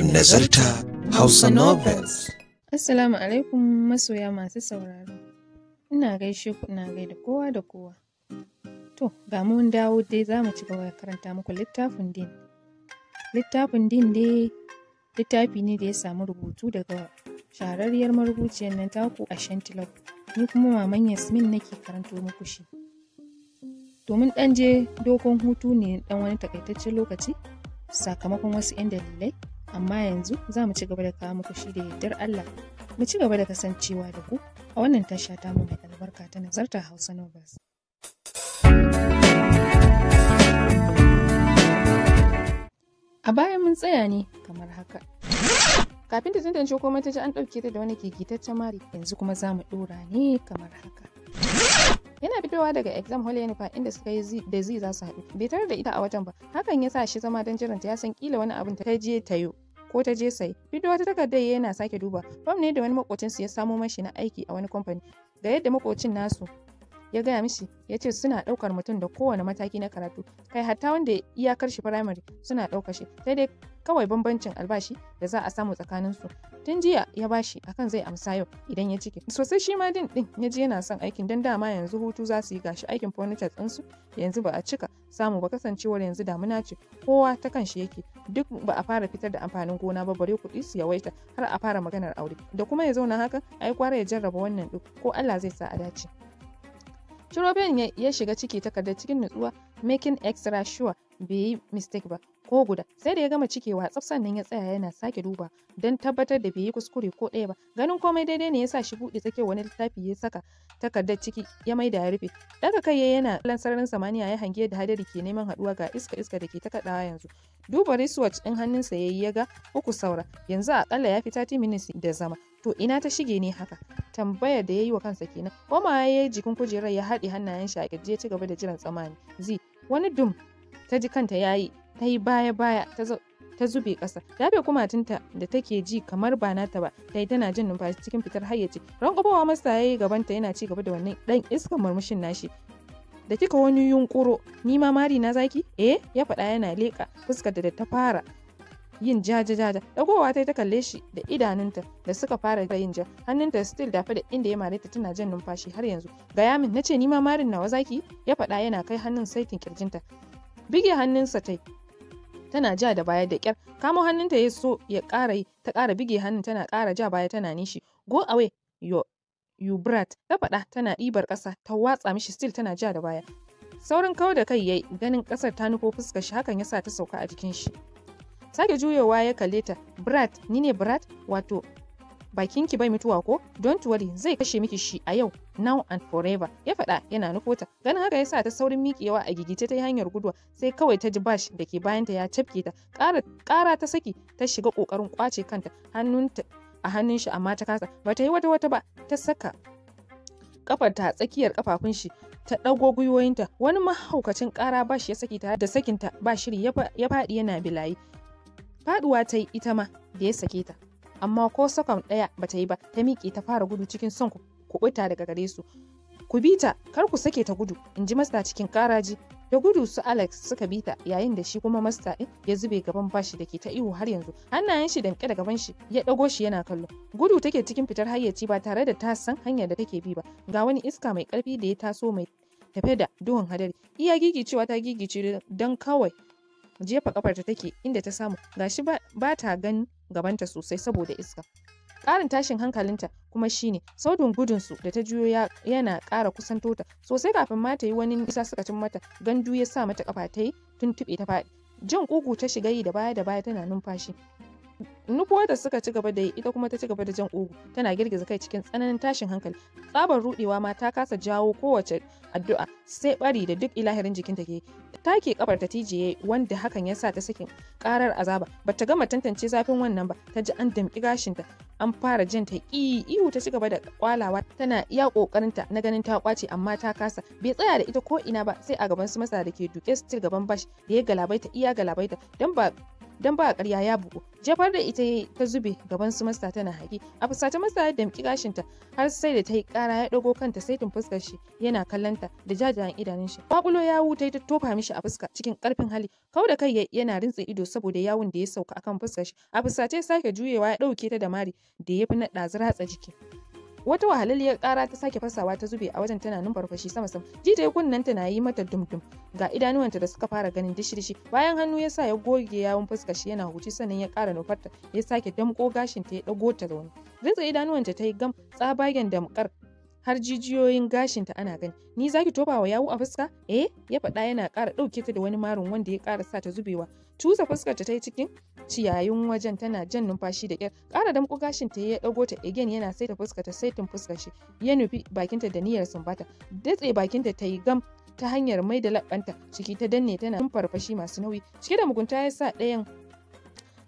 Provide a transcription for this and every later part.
nazarta Hausa Novels. Assalamu alaikum masoya masu sauraro. Ina gaishe ku ina gaida kowa da kowa. To, ga mun dawo dai za mu ci gaba da karanta muku littafin din. Littafin din dai littafi ne da ya samu rubutu daga shahararriyar marubuciyar nan taku a Shantilab. Ni kuma maman Yasmin nake karanto muku shi. Domin ɗan je dogon hutu ne ɗan wani takaitaccen lokaci sakamakon wasu 'yan dalilai amma yanzu za mu ci gaba da kawo muku shi da yardar Allah mu ci gaba da kasancewa da ku a wannan tasha ta mu mai albarka ta nazarta Hausa Novels. A baya mun tsaya ne kamar haka. Kafin ta tantance ko ta ji an ɗauke ta da wani gigitaccen mari yanzu kuma za mu ɗora ne kamar haka. yana fitowa daga exam hall yana inda suka yi da zai za su haɗu bai tare da ita a watan ba hakan ya sa shi zama don jiranta ya san kila wani abin ta je ta ko ta je sai duk wata ya yana sake duba fam ne da wani makocin su ya samo mashi na aiki a wani kamfani ga yadda makocin nasu ya gaya mishi ya ce suna ɗaukar mutum da kowane mataki na karatu kai hatta wanda iyakar shi firamare suna ɗaukar shi sai dai kawai bambancin albashi da za a samu tsakanin su tun jiya ya bashi akan zai amsa yau idan ya cike sosai shi ma din din ya ji yana son aikin dan dama yanzu hutu za su yi gashi aikin furniture din su yanzu ba a cika samu ba kasancewar yanzu damuna ce kowa ta kan shi yake duk ba a fara fitar da amfanin gona ba bare kuɗi su yawaita har a fara maganar aure da kuma ya zauna haka ai kwara ya jarraba wannan duk ko Allah zai sa a dace Ciro ya shiga ciki takardar cikin nutsuwa, making extra sure bai yi mistake ba. ko guda sai da ya gama cikewa tsaf sannan ya tsaya yana sake duba don tabbatar da bai yi kuskure ko ɗaya ba ganin komai daidai ne ya sa shi buɗe tsakiyar wani littafi ya saka takardar ciki ya mai da ya rufe daga kai ya yana lan sararin samaniya ya hange da hadari ke neman haɗuwa ga iska iska da ke ta kaɗawa yanzu duba wacce ɗin hannunsa ya yi ya ga uku saura yanzu a ya fi 30 minutes da zama to ina ta shige ne haka tambayar da ya yi wa kansa kenan koma ya yi jikin kujerar ya haɗe hannayen shi a ƙirji ya ci gaba da jiran tsamani zi wani dum ta ji kanta yayi ta yi baya-baya ta zube ƙasa dafe kumatinta da take ji kamar ba nata ba ta yi tana jin numfashi cikin fitar hayyaci rangobawa masa ya yi gabanta yana ci gaba da wannan ɗan iskan murmushin nashi da kika wani yunkuro ni ma mari na zaki eh ya faɗa yana leƙa fuskar da ta fara yin jaja-jaja ɗagowa ta yi ta kalle shi da idanunta da suka fara yin ja hannunta still dafe da inda ya mare ta tana jan numfashi har yanzu gaya min na ce ni ma marin nawa zaki ya faɗa yana kai hannun saitin kirjinta bige hannunsa tai tana ja da baya da kyar kamo hannunta ya so ya ƙara yi ta ƙara bige hannun tana ƙara ja baya tana nishi go away yo Yubrat ta faɗa tana ɗibar ƙasa ta watsa mishi still tana ja da baya saurin kawo da kai yayi ganin ƙasar ta nufo fuska shi hakan yasa ta sauka a jikin shi sake juyowa ya kalle ta brat ni ne brat wato bakinki bai mutuwa ko don't worry zai kashe miki shi a yau now and forever ya faɗa yana nufota ganin haka yasa ta saurin miƙewa a gigice ta hanyar guduwa sai kawai ta ji bash da ke bayanta ya cafke ta ƙara ta saki ta shiga ƙoƙarin ƙwace kanta hannunta a hannun shi amma ta kasa ba ta yi wata wata ba ta saka kafarta a tsakiyar kafafun shi ta ɗago gwiwoyinta wani mahaukacin ƙara ba shi ya saki ta da sakinta ba shiri ya faɗi yana bilayi faɗuwa ta yi ita ma da ya sake ta amma ko sakon ɗaya ba ta yi ba ta miƙe ta fara gudu cikin son kuɓuta daga gare su ku bi ta kar ku sake ta gudu in ji masta cikin karaji da gudu su alex suka bi ta yayin da shi kuma masta ɗin ya zube gaban bashi da ke ta ihu har yanzu hannayen shi damƙe da gaban shi ya ɗago shi yana kallo gudu take cikin fitar hayyaci ba tare da ta san hanyar da take bi ba ga wani iska mai ƙarfi da ya taso mai tafe da duhun hadari iya gigicewa ta gigice don kawai jefa ta take inda ta samu gashi ba ta gan gabanta sosai saboda iska ƙarin tashin hankalinta kuma shine sautin gudunsu da ta juyo yana ƙara kusanto ta sosai kafin ma ta yi wani isa suka cin mata gandu ya sa mata kafa ta yi tuntuɓe ta faɗi jin ƙugu ta shiga yi da baya da baya tana numfashi nufuwarta suka ci gaba da yi ita kuma ta ci gaba da jan ugu tana girgiza kai cikin tsananin tashin hankali tsabar rudewa ma ta kasa jawo kowace addu'a sai bari da duk ilahirin jikinta ke ta ke kabar ta tijiye wanda hakan ya sa ta sakin karar azaba ba ta gama tantance zafin wannan ba ta ji an damƙi ta an fara jin ta ihu ta ci gaba da kwalawa tana iya ta na ganin ta kwace amma ta kasa bai tsaya da ita ko ina ba sai a gaban su masa da ke duke su gaban bash da ya galabaita iya galabaita don ba don ba karya ya bugu jafar da ita ta zube gaban su masta tana haƙi a fusace masta ya damƙi gashinta har sai da ta yi ƙara ya ɗago kanta saitin fuskar shi yana ta da jajayen idanun shi kwakulo ya wuta ta tofa mishi a fuska cikin ƙarfin hali kau da kai yana rintse ido saboda yawun da ya sauka akan fuskar shi a fusace sake juyewa ya ɗauke ta da mari da ya fi na ratsa jiki wata wahalaliyar kara ta sake fasawa ta zube a wajen tana numfarfashi sama sama kunnen kunnenta na yi mata dumdum ga idanuwanta da suka fara ganin dishi-dishi bayan hannu ya sa ya goge yawon fuskar shi yana huci sannan ya kara nufarta ya sake damƙo gashin ta ya ɗago ta zaune ritsa idanuwanta ta yi gam tsabagen damƙar har jijiyoyin gashinta ana gani ni zaki tofa wa yawu a fuska eh ya faɗa yana ƙara ɗauke ta da wani marin wanda ya ƙara sa ta zubewa cusa fuskar ta yi cikin ciyayin wajen tana jan numfashi da ƙyar ƙara damƙo gashin ta ya ɗago ta again yana saita fuskar ta saitin fuskar shi ya nufi bakinta da niyyar sumbata datse bakinta ta yi gam ta hanyar mai da labbanta ciki ta danne tana farfashi masu nauyi cike da mugunta ya sa ɗayan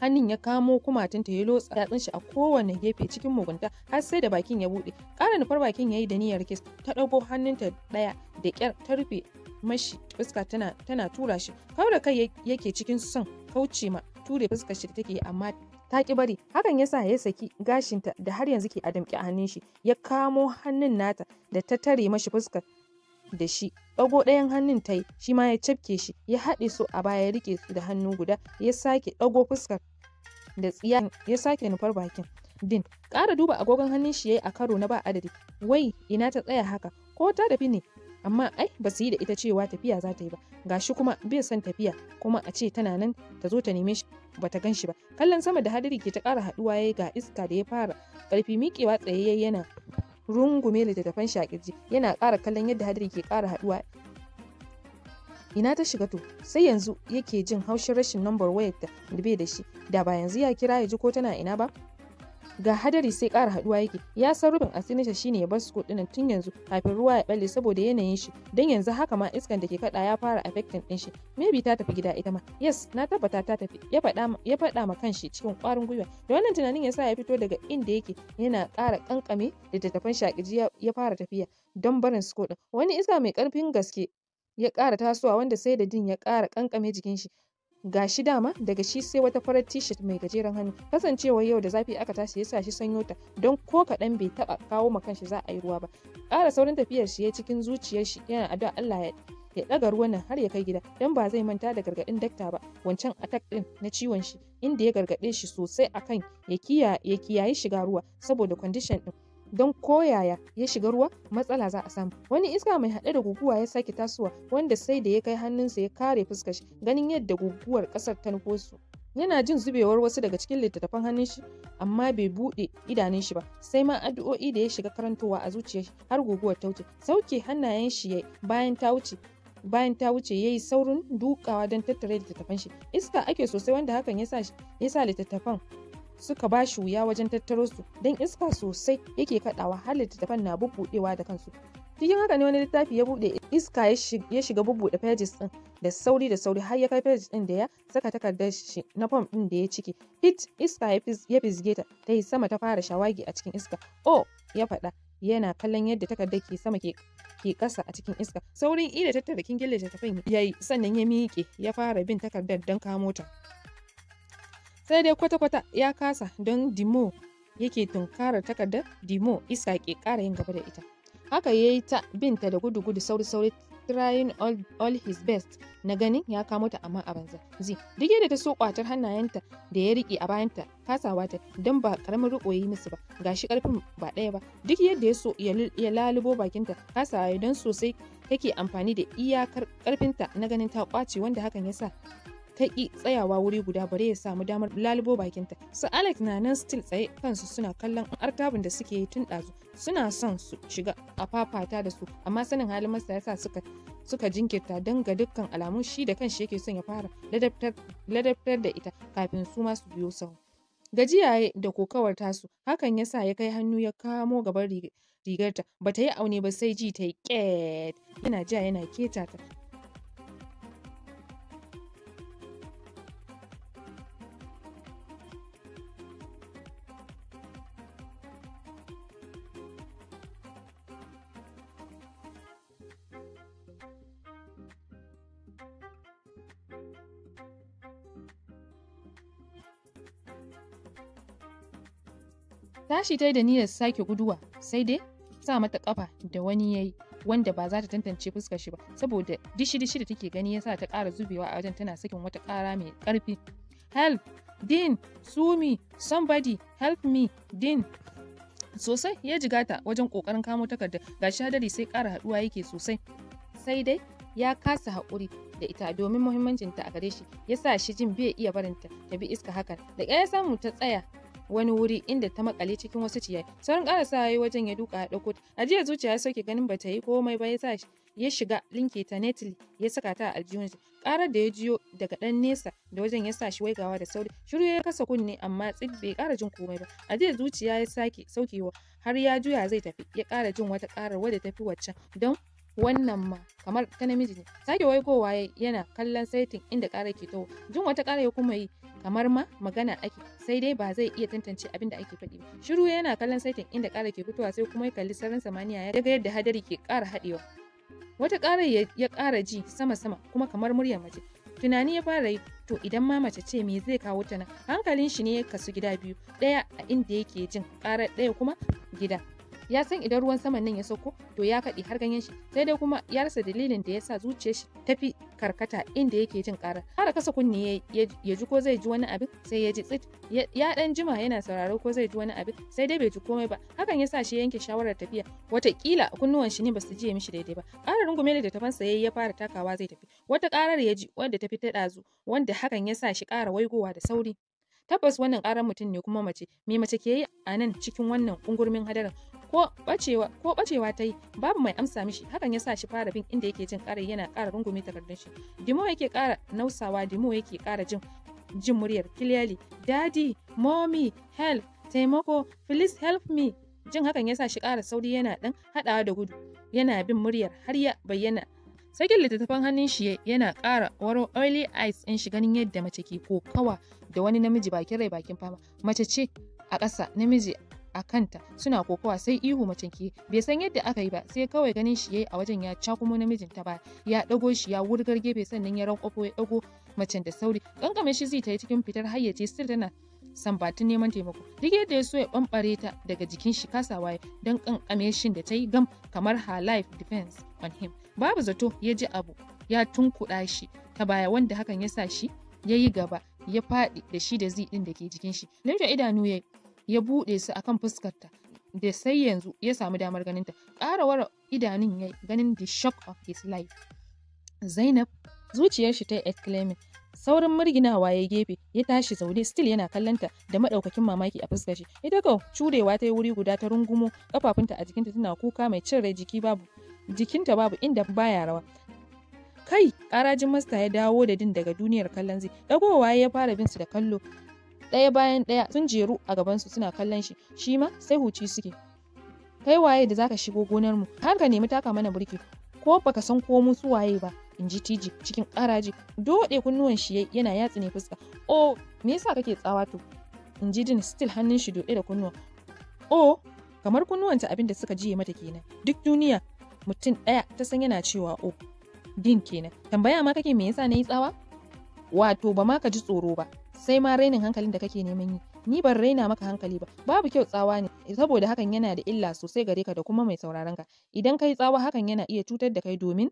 hannun ya kamo ta ya lotsa yatsun shi a kowane gefe cikin mugunta har sai da bakin ya buɗe ƙara nufar bakin yayi da niyyar kis ta ɗauko hannunta ɗaya da ƙyar ta rufe mashi fuska tana tana tura shi da kai yake cikin son kauce ma ture fuskar shi take yi amma ta ki bari hakan yasa ya saki gashinta da har yanzu ke a hannun shi ya kamo hannun nata da ta tare mashi fuskar da shi ɗago ɗayan hannun ta yi shi ma ya cafke shi ya haɗe su a baya ya rike su da hannu guda ya sake ɗago fuskar da tsiya ya sake nufar bakin din kara duba agogon hannun shi yayi a karo na ba adadi wai ina ta tsaya haka ko ta tafi ne amma ai ba su yi da ita cewa tafiya za ta yi ba gashi kuma bai son tafiya kuma a ce tana nan ta zo ta neme shi bata gan shi ba kallon sama da hadari ke ta ƙara haɗuwa yayi ga iska da ya fara ƙarfi miƙewa tsayayye yana rungume littattafan shakirji yana ƙara kallon yadda hadiri ke ƙara haɗuwa ina ta shiga to sai yanzu yake jin haushin rashin nambar wayar da bai da shi da ba yanzu ya kira ya ji ko tana ina ba ga hadari sai kara haɗuwa yake ya san rufin shi shine ya bar su tun yanzu kafin ruwa ya balle saboda yanayin shi don yanzu haka ma iskan da ke kada ya fara affecting din shi maybe ta tafi gida ita ma yes na tabbata ta tafi ya faɗa ya faɗa ma kanshi cikin ƙwarin gwiwa da wannan tunanin yasa ya fito daga inda yake yana ƙara kankame tattafan shakiji ya fara tafiya don barin su ɗin wani iska mai karfin gaske ya ƙara tasowa wanda sai da din ya ƙara ƙanƙame jikin shi ga shi dama daga shi sai wata farar t-shirt mai gajeren hannu kasancewar yau da zafi aka tashi ya sa shi sanyo ta don ko kaɗan bai taɓa kawo ma kanshi za a yi ruwa ba ƙara saurin tafiyar shi ya cikin zuciyar shi yana addu'a Allah ya ya ɗaga ruwan nan har ya kai gida don ba zai manta da gargaɗin dakta ba wancan attack ɗin na ciwon shi inda ya gargaɗe shi sosai akan ya kiyaye shiga ruwa saboda condition ɗin don koyaya ya shiga ruwa matsala za a samu wani iska mai haɗe da guguwa ya sake tasowa wanda sai da ya kai hannunsa ya kare fuskar shi ganin yadda guguwar kasar ta nufo su yana jin zubewar wasu daga cikin littattafan hannun shi amma bai buɗe idanun shi ba sai ma addu'o'i da ya shiga karantowa a zuciyar shi har guguwar ta wuce sauke hannayen shi ya bayan ta wuce bayan ta wuce yayi saurin dukawa don tattare littattafan shi iska ake sosai wanda hakan ya sa littattafan suka ba shi wuya wajen tattaro su don iska sosai yake kaɗawa har littattafan na bubbuɗewa da kansu cikin haka ne wani littafi ya buɗe iska ya shiga bubbuɗe pages din da sauri da sauri har ya kai page din da ya saka takardar shi na form ɗin da ya cike hit iska ya fizge ta ta yi sama ta fara shawagi a cikin iska oh ya faɗa yana kallon yadda takardar ke sama ke ke ƙasa a cikin iska saurin ida tattara kingin littattafan ya yi sannan ya miƙe ya fara bin takardar don kamo ta sai dai kwata-kwata ya kasa don dimo yake tunkarar takardar dimo isa ke kara yin gaba da ita haka ya yi ta binta da gudu-gudu sauri-sauri trying all, his best na ganin ya kamo ta amma a banza zi duk yadda ta so kwatar hannayenta da ya rike a bayanta kasawa ta don ba karamin riko yi musu ba gashi karfin ba ɗaya ba duk yadda ya so ya lalubo bakinta kasawa don sosai take amfani da iyakar karfinta na ganin ta kwace wanda hakan ya sa ta ƙi tsayawa wuri guda bare ya samu damar lalubo bakinta su alex na nan still tsaye kansu suna kallon artabin da suke yi tun ɗazu suna son su shiga a fafata da su amma sanin halin masa yasa suka suka jinkirta don ga dukkan alamu shi da kanshi yake son ya fara ladabtar da ita kafin su ma su biyo sahu gajiyaye da kokawar tasu hakan yasa ya kai hannu ya kamo gaban rigarta bata yi aune ba sai ji ta yi ƙet yana ja yana keta ta Tashi ta yi da niyyar sake guduwa, sai dai sa mata kafa da wani ya yi wanda ba za ta tantance fuska shi ba saboda dishi-dishi da take gani ya sa ta kara zubewa a wajen tana sakin wata ƙara mai ƙarfi. Help! Din! Sumi! Somebody! Help me! Din! Sosai ya jigata wajen ƙoƙarin kamo takarda ga hadari sai kara haɗuwa yake sosai. Sai dai ya kasa haƙuri da ita domin muhimmancinta a gare shi ya sa shi jin bai iya barinta ta bi iska hakan da ya samu ta tsaya wani wuri inda ta makale cikin wasu ciyayi sauran ƙarasa ya yi wajen ya duka ya ɗauko a jiya zuciya ya sauke ganin bata yi komai ba ya sa ya shiga linkita ta netli ya saka ta a aljihunsa karar da ya jiyo daga ɗan nesa da wajen ya sa shi waigawa da sauri shiru ya kasa kunne amma tsib bai ƙara jin komai ba a jiya zuciya ya sake saukewa har ya juya zai tafi ya ƙara jin wata ƙarar wadda ta fi waccan don wannan ma kamar ta namiji ne sake waigowa yana kallon saitin inda ƙara ke taho jin wata ƙara ya kuma yi kamar ma magana ake sai dai ba zai iya tantance abin da ake faɗi ba shiru yana kallon saitin inda ƙara ke fitowa sai kuma ya kalli sararin samaniya ya ga yadda hadari ke ƙara haɗewa wata ƙara ya ƙara ji sama sama kuma kamar muryar mace tunani ya fara yi to idan ma mace ce me zai kawo ta nan hankalin shi ne ya kasu gida biyu ɗaya a inda yake jin ƙara ɗaya kuma gida ya san idan ruwan saman nan ya sauko to ya kaɗi har ganyen shi sai dai kuma ya rasa dalilin da ya sa zuciyar shi fi karkata inda yake jin ƙara har kasa kunne ya ji ko zai ji wani abin sai ya ji tsit ya ɗan jima yana sauraro ko zai ji wani abin sai dai bai ji komai ba hakan ya sa shi yanke shawarar tafiya watakila kunnuwan shi ne ba su jiye mishi daidai ba ƙarar rungume da tafan sa ya fara takawa zai tafi wata ƙarar ya ji wanda ta fi ta ɗazu wanda hakan ya sa shi ƙara waigowa da sauri tabbas wannan karar mutum ne kuma mace me mace ke yi a nan cikin wannan ungurmin hadarin ko bacewa ko bacewa ta yi babu mai amsa mishi hakan ya sa shi fara bin inda yake jin karai yana ƙara rungume takardun shi dimo yake ƙara nausawa dimo yake ƙara jin jin muryar clearly dadi mommy help taimako please help me jin hakan ya sa shi ƙara sauri yana ɗan haɗawa da gudu yana bin muryar har ya bayyana sakin littattafan hannun shi yana ƙara waro oily eyes in shi ganin yadda mace ke kokawa da wani namiji bakin rai bakin fama mace ce a ƙasa namiji a kanta suna kokawa sai ihu macen ke bai san yadda aka yi ba sai kawai ganin shi yayi a wajen ya cakumo namijin ta ba ya dago shi ya wurgar gefe sannan ya rankwafo ya dago macen da sauri kankamin shi zai ta yi cikin fitar hayyace sir tana san batun neman taimako duk yadda ya so ya bambare ta daga jikin shi kasa waye don kankame shin da ta yi gam kamar her life defense on him babu zato ya ji abu ya tunkuɗa shi ta baya wanda hakan ya sa shi ya yi gaba ya faɗi da shi da zi ɗin da ke jikin shi limshe idanu ya ya buɗe su akan fuskarta da sai yanzu ya samu damar ganinta ƙara wara idanun ya ganin the shock of his life zainab zuciyar shi ta yi exclaiming saurin murginawa ya gefe ya tashi zaune still yana kallonta da madaukakin mamaki a fuskar shi ita ko curewa ta yi wuri guda ta rungumo kafafunta a jikinta tana kuka mai cin rai jiki babu jikinta babu inda baya rawa kai karajin masta ya dawo da din daga duniyar kallon zai dagowa ya fara bin su da kallo ɗaya bayan ɗaya sun jeru a gabansu suna kallon shi shi ma sai huci suke kai waye da zaka shigo gonar mu har ka nemi taka mana burki ko baka san ko mu su waye ba in ji tiji cikin ƙaraji doɗe kunnuwan shi yana yatsi ne fuska o me yasa kake tsawa to in ji din still hannun shi doɗe da kunnuwa o kamar kunnuwanta abin da suka jiye mata kenan duk duniya mutum ɗaya ta san yana cewa o din kenan tambaya ma kake me yasa nayi tsawa wato ba ma ka ji tsoro ba sai ma rainin hankalin da kake neman yi ni ban raina maka hankali ba babu kyau tsawa ne saboda hakan yana da illa sosai gare ka da kuma mai sauraron ka idan kai tsawa hakan yana iya cutar da kai domin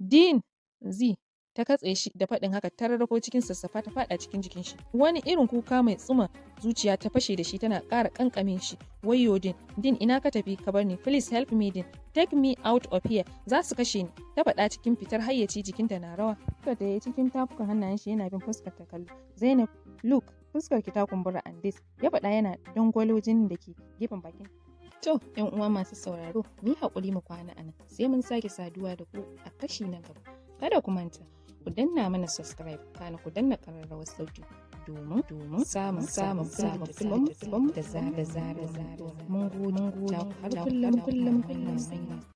din z ta katse shi da faɗin haka ta rarrako cikin sassafa ta faɗa cikin jikin shi wani irin kuka mai tsuma zuciya ta fashe da shi tana ƙara ƙanƙame shi wayo din din ina ka tafi ka bar ni please help me din take me out of here za su kashe ni ta faɗa cikin fitar hayyaci jikinta na rawa ta da ya cikin tafukan hannayen shi yana bin fuskar ta kallo zainab luke fuskar ki ta kumbura andis ya faɗa yana dangwalo jinin da ke gefen bakin To, ‘yan uwa masu sauraro, ni haƙuri mu kwana a nan, sai mun sake saduwa da ku a kashi na gaba. Kada ku manta, ku danna mana subscribe kana ku danna ƙararrawar sauti domin domin samun samun samun filin da zara zara mun gode har kullum kullum kullum